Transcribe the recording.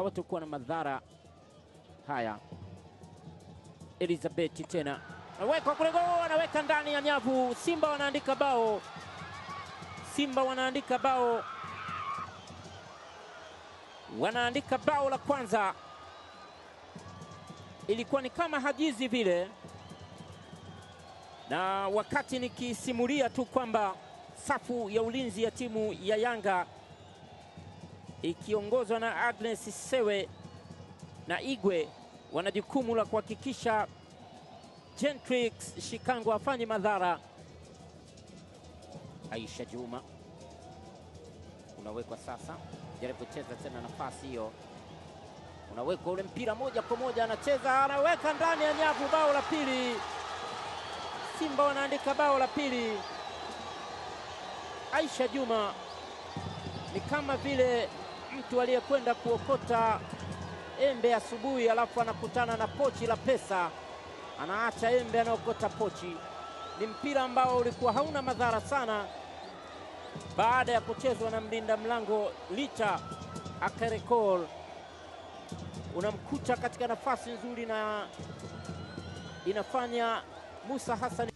hawatakuwa na madhara haya. Elizabeth tena anaweka kule goli, anaweka ndani ya nyavu. Simba wanaandika bao, Simba wanaandika bao, wanaandika bao la kwanza. Ilikuwa ni kama hajizi vile, na wakati nikisimulia tu kwamba safu ya ulinzi ya timu ya Yanga ikiongozwa na Agnes Sewe na Igwe wana jukumu la kuhakikisha Gentrix Shikango afanye madhara. Aisha Juma unawekwa sasa, jaribu kucheza tena nafasi hiyo, unawekwa ule mpira moja kwa moja, anacheza anaweka ndani ya nyavu. Bao la pili, Simba wanaandika bao la pili. Aisha Juma ni kama vile mtu aliyekwenda kuokota embe asubuhi, alafu anakutana na pochi la pesa, anaacha embe, anaokota pochi. Ni mpira ambao ulikuwa hauna madhara sana baada ya kuchezwa na mlinda mlango licha Akarekol, unamkuta katika nafasi nzuri na inafanya Musa Hassan